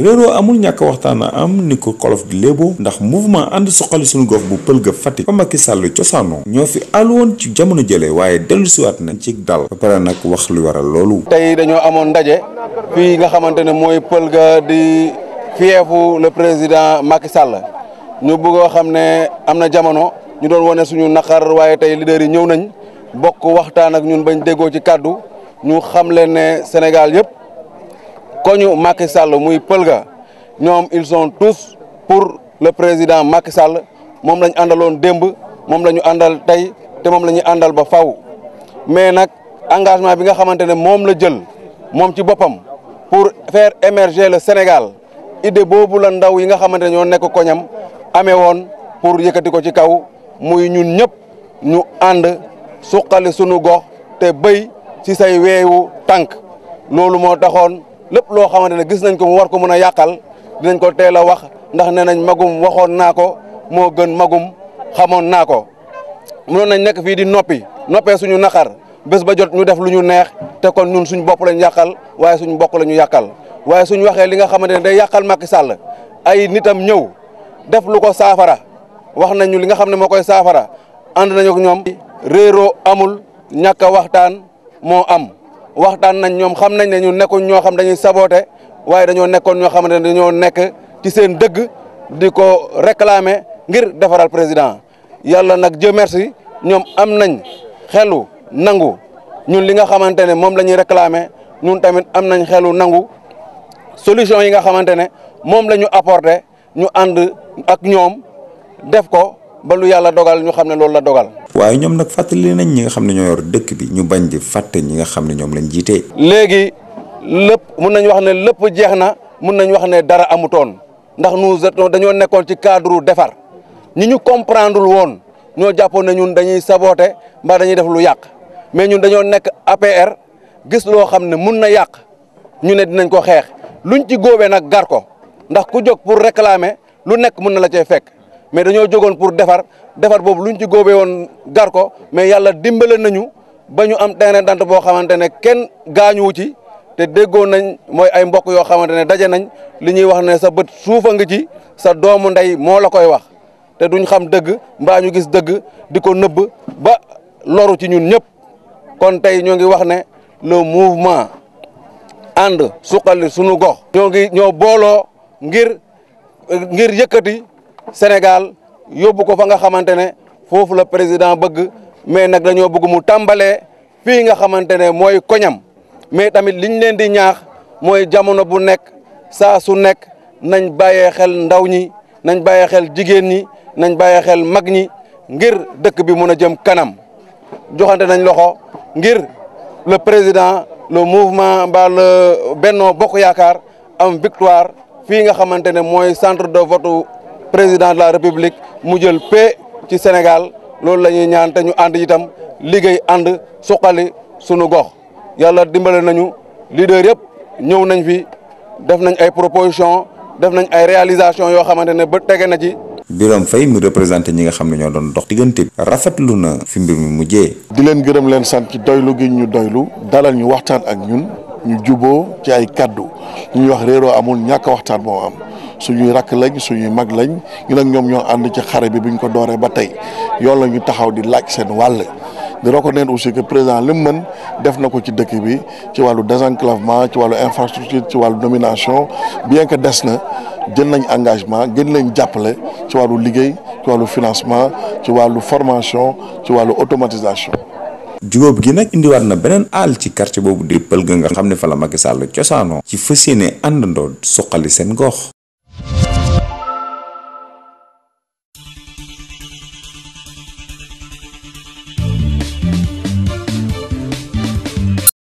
réeroo amul ñàkk waxtaan a am ni ko kolof di léebo ndax mouvement ànd suqali suñu gox bu pël ga Fatick fa Macky Sall cosaanoo ñoo fi aloon ci jamono jële waaye dellu siwaat nañ ci dal ba pare nag wax lu waral loolu tey dañoo amoon ndaje fii nga xamante ne mooy pël ga di fieefu le président Macky Sall ñu bëggoo xam ne am na jamono ñu doon wane suñu naqar waaye tey leader yi ñëw nañ bokk waxtaan ak ñun bañ déggoo ci kàddu ñu xam leen ne Sénégal yëpp koñu Macky Sall muy Pëlga ñoom ils sont tous pour le président Macky Sall moom la ñu àndaloon démb moom la ñu àndal tey te moom la ñuy àndal ba faw mais nag engagement bi nga xamante ne moom la jël moom ci boppam pour faire émerger le Sénégal idée boobu la ndaw yi nga xamante ne ñoo nekk koñam amee woon pour yëkkati ko ci kaw muy ñun ñëpp ñu ànd suqali sunu gox te béy ci say weewu tànk loolu taxoon. lépp loo xamante ne gis nañ ko mu war ko mën a yàqal dinañ ko teela wax ndax nee nañ magum waxoon naa ko moo gën magum xamoon naa ko mënoon nañ nekk fii di noppi noppee suñu naqar bés ba jot ñu def lu ñu neex te kon ñun suñ bopp lañ yàqal waaye suñ mbokk la ñu yàqal waaye suñ waxee li nga xamante ne day yàqal Macky Sall ay nitam ñëw def lu ko saafara wax nañu li nga xam ne moo koy saafara ànd nañu ak ñoom réeroo amul ñàkk waxtaan moo am waxtaan nañ ñoom xam nañ ne ñu nekkuñ ñoo xam dañuy saboté waaye dañoo nekkoon ñoo xamante ne dañoo nekk ci seen dëgg di ko réclamer ngir defaral président yàlla nag Dieu merci ñoom am nañ xelu nangu ñun li nga xamante ne moom la ñuy réclamer ñun tamit am nañ xelu nangu solution yi nga xamante ne moom la ñu apporter ñu ànd ak ñoom def ko ba lu yàlla dogal ñu xam ne loolu la dogal. waaye ñoom nag fàttali nañ ñi nga xam ne ñoo yor dëkk bi ñu bañ di fàtte ñi nga xam ne ñoom lañ jiitee léegi lépp mun nañ wax ne lépp jeex na mun nañ wax ne dara amutoon ndax nu nous dañoo nekkoon ci cadre defar ñi ñu comprendre woon ñoo jàppoon ne ñun dañuy saboter mbaa dañuy def lu yàq mais ñun dañoo nekk APR gis loo xam ne mun na yàq ñu ne dinañ ko xeex luñ ci góobee nag gar ko ndax ku jóg pour réclamer lu nekk mun na la cay fekk mais dañoo jógoon pour defar defar boobu lu luñ ci góobee woon gar ko mais yàlla dimbale nañu ba ñu am terrain d'entente boo xamante ne kenn gaañuwu ci te déggoon nañ mooy ay mbokk yoo xamante ne daje nañ li ñuy wax ne sa bët suufa nga ci sa doomu ndey moo la koy wax te duñ xam dëgg mbaa ñu gis dëgg di ko nëbb ba loru ci ñun ñëpp kon tey ñoo ngi wax ne le mouvement ànd suqali sunu gox ñoo ngi ñoo booloo ngir ngir yëkkati Sénégal yóbbu ko fa nga xamante ne foofu la président bëgg mais nag dañoo bëgg mu tàmbalee fii nga xamante ne mooy koñam mais tamit liñ leen di ñaax mooy jamono bu nekk saa su nekk nañ bàyyee xel ndaw ñi nañ bàyyee xel jigéen ñi nañ bàyyee xel mag ñi ngir dëkk bi mun a jëm kanam joxante nañ loxo ngir le président le mouvement mbaa le Benno Bokk Yaakaar am victoire fii nga xamante ne mooy centre de vote président de la république mu jël paix ci Sénégal loolu la ñuy ñaan te ñu ànd itam liggéey ànd suqali sunu gox yàlla dimbale nañu lider yëpp ñëw nañ fi def nañ ay proposition def nañ ay réalisation yoo xamante ne ba tege na ci. Birame Faye mi représenté ñi nga xam ne ñoo doon dox diggante bi rafetlu na fi mbir mi mujjee. di leen gërëm leen sant ci doylu gi ñu doylu dalal ñu waxtaan ak ñun ñu juboo ci ay kaddu ñuy wax réeroo amul ñàkk waxtaan moo am. su suñuy rakk lañ suñuy mag lañ ñu nag ñoom ñoo ànd ci xare bi buñ ko dooree ba tey yoon la ñu taxaw di laaj seen wàll di neen aussi que président li mën def na ko ci dëkk bi ci wàllu désenclavement ci wàllu infrastructure ci wàllu nomination bien que des na jël nañ engagement gën leen jàppale ci wàllu liggéey ci wàllu financement ci wàllu formation ci wàllu automatisation. jubóob gi nag indiwaat na beneen àll ci quartier boobu di Pël ga nga xam ne fa la Macky Sall cosaanoo ci fas yéene àndandoo suqali seen gox.